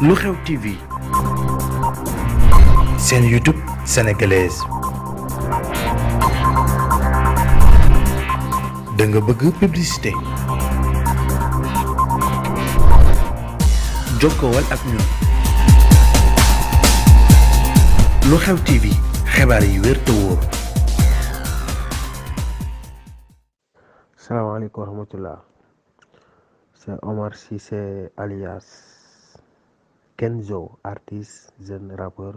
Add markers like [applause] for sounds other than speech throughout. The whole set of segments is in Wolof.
lu xew TV seen YouTube sénégalaise da nga bëgg publicité jokkowal ak ñun lu xew TV xibaar yi wér wóor. salaamaaleykum wa rahmatulah c'est Omar Cissé alias. Kenzo artiste jeune rappeur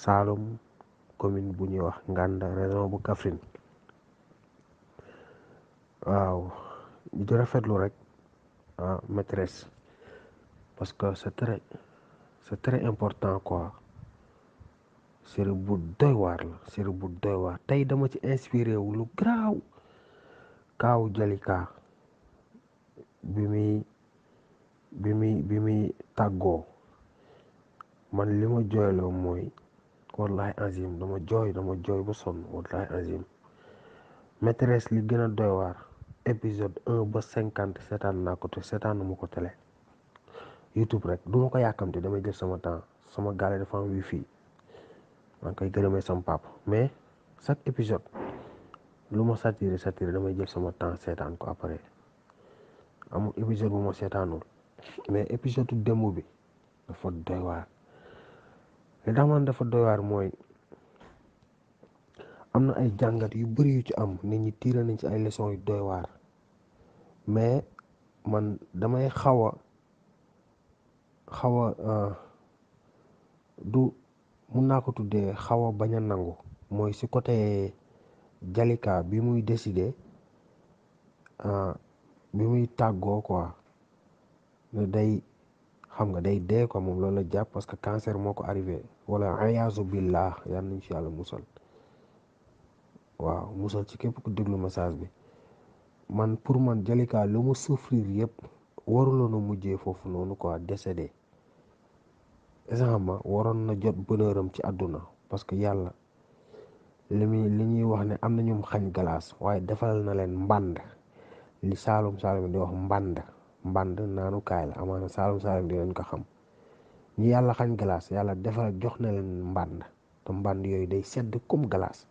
Saloum commune bu ñuy wax Nganda région bu Kaffrine waaw di rafetlu rek ah maîtresse parce que c'est très c'est très important quoi série bu doy waar la série bu doy waar tey dama ci inspiré lu garaaw kaaw Jalika bi muy bi muy bi muy tàggoo man li ma jooyloo mooy wallahi azim dama jooy dama jooy ba sonn wallahi azim maîtresse li gën a doy waar épisode ba cinquante seetaan naa ko te seetaanu ma ko télé youtube rek du ma ko yàkkamte damay jël sama temps sama gaale dafa am wifi maa ngi koy gërëmee sama papa mais chaque épisode lu ma satiré satiré damay jël sama temps seetaan ko après amul épisode bu ma seetaanul mais épisode démb bi dafa doy waar li tax man dafa doy mooy am na ay jàngat yu bëri yu ci am nit ñi tiire nañ ci ay leçons yu doy mais man damay xaw a xaw a euh, du mun naa ko tuddee xaw a bañ a nangu mooy si côté Jalika bi muy décider euh, bi muy tàggoo quoi day xam nga day dee ko moom loolu la jàpp parce que cancer moo ko arrivé wala ayaasu billah yal nañ ci yàlla musal waaw musal ci képp ku déglu message bi man pour man Jalika lu mu souffrir yëpp waruloo nu mujjee foofu noonu quoi décédé exemple waroon na jot bonheuram ci àdduna parce que yàlla li muy li ñuy wax ne am na ñum xañ galaas waaye defal na leen mbànd li saalum saalum di wax mbànd mbànd naanukaay la amaana saalum saalum dinañ ko xam ñi yàlla xañ glace yàlla defal jox na leen mbànd te mbànd yooyu day sedd comme glace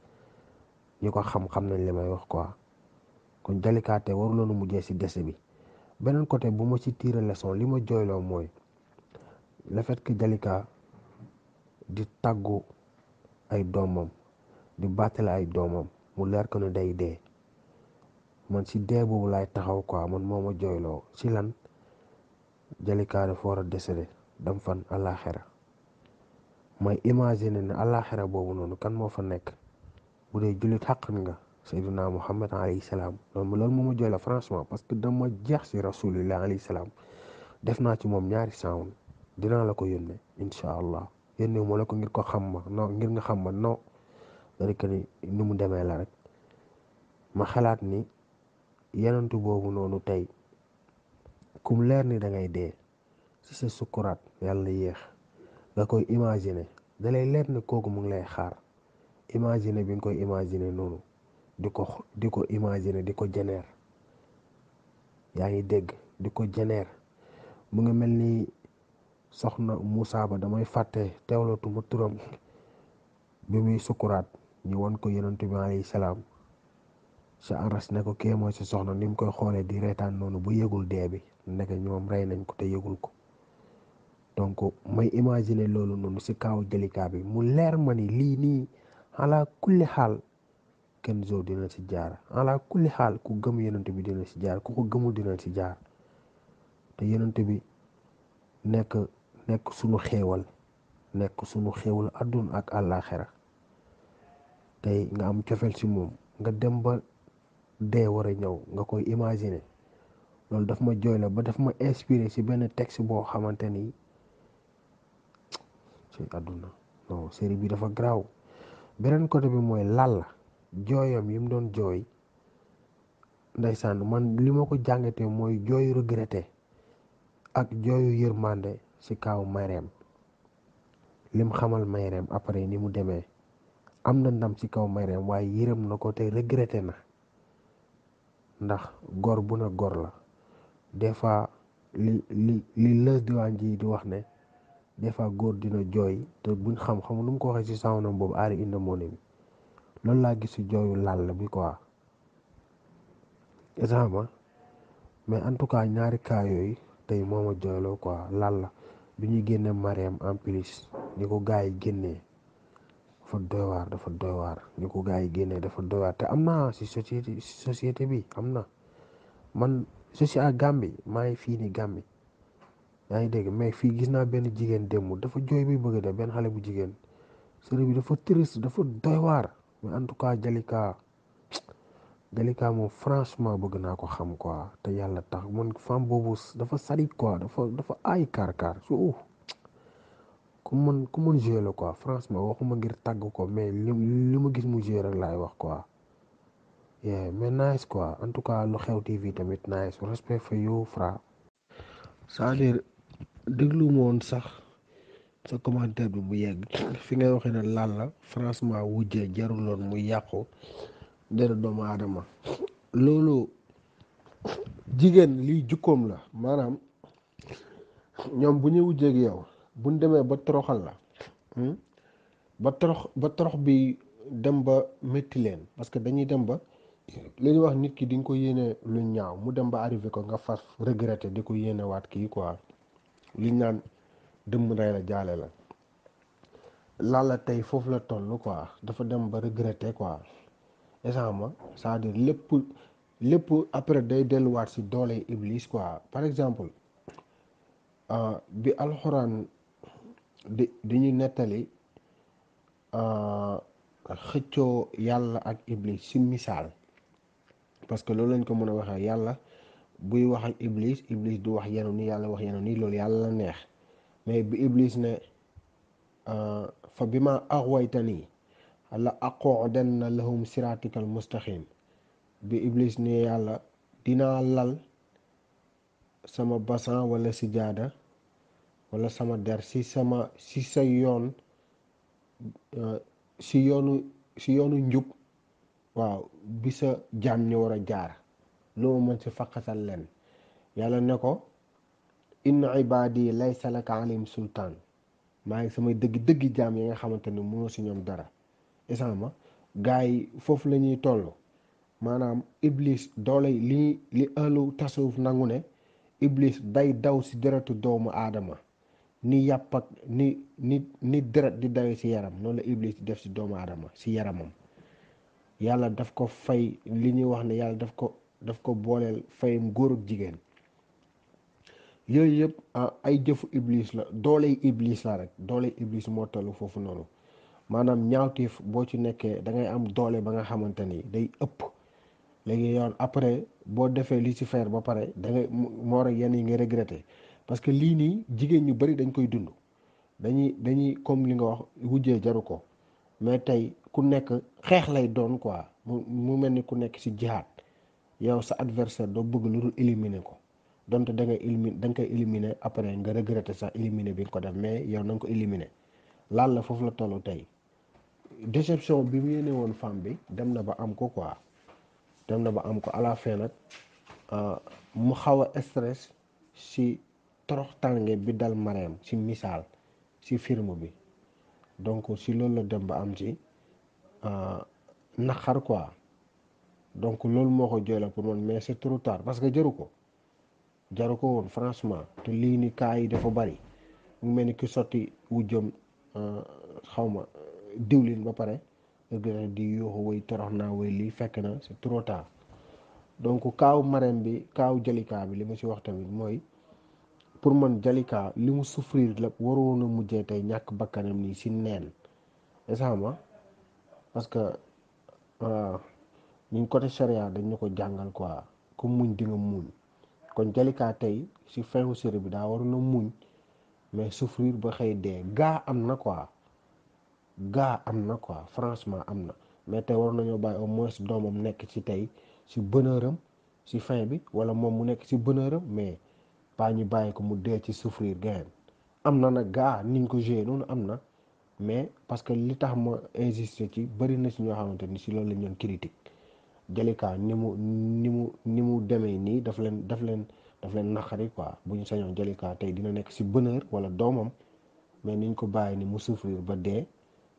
ñi ko xam xam nañ li may wax quoi kon délicaté waru loonu mujjee si dese bi beneen côté bu ma ci tirer leçon li ma jooyloo mooy la fait que Jalika di tàggu ay doomam di bàttale ay doomam mu leer ko ne day dee man si dee boobu laay taxaw quoi man moo ma jooyloo si lan Jalika dafa war a décédé dem fan àllaaxira may imaginer ne àllaaxira boobu noonu kan moo fa nekk bu dee jullit xàqan nga Seydina Muhammad alayhi salaam loolu loolu moo ma jooy la franchement parce que dama jeex si rasulillah alayhi salaam def naa ci moom ñaari saawoon dinaa la ko yónnee incha allah yónnee moo la ko ngir ko xam ma non ngir nga xam ma non dara ni ni mu demee la rek ma xalaat nii yenentu boobu noonu tey kum leer ni dangay ngay dee si sa sukkuraat yàlla yéex nga koy imaginer da leer ne kooku mu ngi lay xaar imaginer bi nga koy imaginer noonu di ko di ko imaginer di ko jeneer yaa ngi dégg di ko jeneer mu ngi mel ni soxna Moussa ba damay fàtte teewlootuma turam [laughs] bi muy sukkuraat ñu won ko yonent bi alayhi salaam sa aras ne ko kee mooy si soxna ni mu koy xoolee di reetaan noonu bu yëgul dee bi nekk ñoom rey nañ ko te yëgul ko donc may imaginer loolu noonu si kaaw Jalika bi mu leer ma ni lii nii ala kulli xaal Kenzo dina si jaar ala kulli xaal ku gëm yonent bi dina si jaar ku gëmul dina si jaar te yonent bi nekk nekk sunu xéewal nekk sunu xéewal adduna ak àllaaxira tey nga am cofeel si moom nga dem ba dee war a ñëw nga koy imaginer loolu daf ma jooy la ba daf ma inspiré si benn texte boo xamante ni ci àdduna non série bi dafa garaaw beneen côté bi mooy la jooyam yi mu doon jooy ndeysaan man li ma ko jàngatee mooy jooyu regretté ak jooyu yërmande si kaw mayreem lim xamal mayreem après ni mu demee am na ndam ci kaw mayreem waaye yërëm na ko te regretté na ndax gor bu ne gor la des fois li li li lës diwaan ji di wax ne des fois góor dina jooy te buñ xam xam nu mu ko waxee si sawnam boobu aari indi moone bi loolu laa gis si jooyu làll bi quoi examen mais en tout cas ñaari cas yooyu tey mooma jooyloo quoi làll bi ñuy génne Marème en plus ni ko gars yi génnee dafa doy waar dafa doy waar ñu ko gars yi génnee dafa doy te am na si société si société bi am na man société à Gambie maa ngi fii ni Gambie yaa ngi dégg mais fii gis naa benn jigéen démb dafa jooy bi bëgg de benn xale bu jigéen série bi dafa triste dafa doy waar mais en tout cas Jalika Jalika moom franchement bëgg naa ko xam quoi te yàlla tax man femme boobu dafa sadik quoi dafa dafa aay kaar kaar su ku mën ku mën jouer la france franchement waxuma ngir tàgg ko mais li li ma gis mu jouer rek laay wax quoi yeah mais nice quoi en tout cas lu xew TV tamit nice respect fa you Fra. cest à déglu ma sax sa commentaire bi bu yegg [coughs] fi ngay waxee ne lan la franchement wujjee jaruloon mu yàqu dara doomu aadama [coughs] loolu jigéen lii jukkoom la maanaam ñoom bu ñu wujjeeg yow. buñ demee ba toroxal la hmm, ba torox ba torox bi dem ba métti leen parce que dañuy dem ba li wax nit ki di nga ko yéene lu ñaaw mu dem ba arrivé ko nga fas regretté di ko yéene waat kii quoi li naan dëmb rey la jaale la Lalla tey foofu la toll quoi dafa dem ba regretté quoi instant ma c'est-à-dire lépp lépp après day delluwaat si doole iblis quoi par exemple euh, bi alxuraan. di di ñu nettali euh, xëccoo yàlla ak iblis si missaal parce que loolu lañ ko mën a waxee yàlla buy wax ak iblis iblis du wax yenu ni yàlla wax yenu nii loolu yàlla la neex mais bi iblis ne euh, fa bi ma axwaytanii la aqudanna lahum siratikal mustaqim bi iblis ne yàlla dinaa lal sama basan wala sijaada wala sama der ci sama si sa yoon euh, si yoonu si njub waaw bi sa jaam ñu war a jaar loo mën si faqasal leen yàlla ne ko inna ibaadi laysa laka alayhim sultaan maa ngi samay dëgg dëgg jaam yi nga xamante mu mënoo si ñoom dara isan ma gars yi foofu la ñuy toll maanaam iblis doole li li ëllu tasawuf nangu ne iblis day daw si deretu doomu aadama ni yàpp ak ni ni ni deret di dawe si yaram noonu la iblis di def si doomu adama si yaramam yàlla daf ko fay li ñuy wax ne yàlla daf ko daf ko booleel fayam góor ak jigéen yooyu yëpp ah, ay jëfu iblis la dooley iblis la rek dooley iblis moo tollu foofu noonu maanaam ñaawteef boo ci nekkee da ngay am doole ba nga xamante ni day ëpp léegi yoon après boo defee Lucifer ba pare da ngay moo rek yenn yi nga regretté parce que lii nii jigéen ñu bari dañ koy dund dañuy dañuy comme li nga wax wujjee jaru ko mais tey ku nekk xeex lay doon quoi mu mel ni ku nekk ci jihaad yow sa adversaire doo bëgg lu dul éliminer ko donte da ngay éliminer da koy éliminer après nga regretter sax éliminer bi nga ko def mais yow na ko éliminer laal la foofu la tollu tey déception bi mu yéene woon femme bi dem na ba am ko quoi dem na ba am ko à la fin nag euh, mu xaw a stress si torox tànge bi dal mareem ci missaal ci film bi donc si loolu la dem ba am ci euh, naqar quoi donc loolu moo ko jooyla pour man mais c'est trop parce que jaru ko jaru ko woon franchement te lii ni cas yi dafa bari mel ni ki sotti wu jëm euh, xawma diwlin ba pare nga di yuuxu way torox naa way lii fekk na c'est trop tard donc kaaw Marème bi kaaw Jalika bi li ma ci wax tamit mooy pour man Jalika li mu souffrir la waroon a mujjee tey ñàkk bakkanam nii si neen esama parce que euh, ñun côté charia dañ ñu ko jàngal quoi ku muñ di nga muñ kon Jalika tey si fin finu série bi daa waroon a muñ mais souffrir ba xëy dee gaa am na quoi gaa am na quoi franchement am na mais tey war nañoo bàyyi au moins doomam nekk ci tey si bonheuram si fin bi wala moom mu nekk si bonheuram mais pas ñu bàyyi ko mu dee ci souffrir gain am na nag gaa ni ñu ko joué noonu am na mais parce que li tax ma insister ci bëri na si ñoo xamante ni si loolu la ñoon critique Jalika ni mu ni mu ni mu demee nii daf leen daf leen daf leen naqari quoi bu ñu sañoon Jalika tey dina nekk si bonheur wala doomam mais niñ ko bàyyi ni mu souffrir ba dee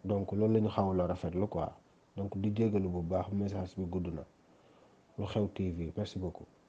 donc loolu lañu ñu xaw la lu quoi donc di jégalu bu baax message bi gudd na lu xew TV merci beaucoup.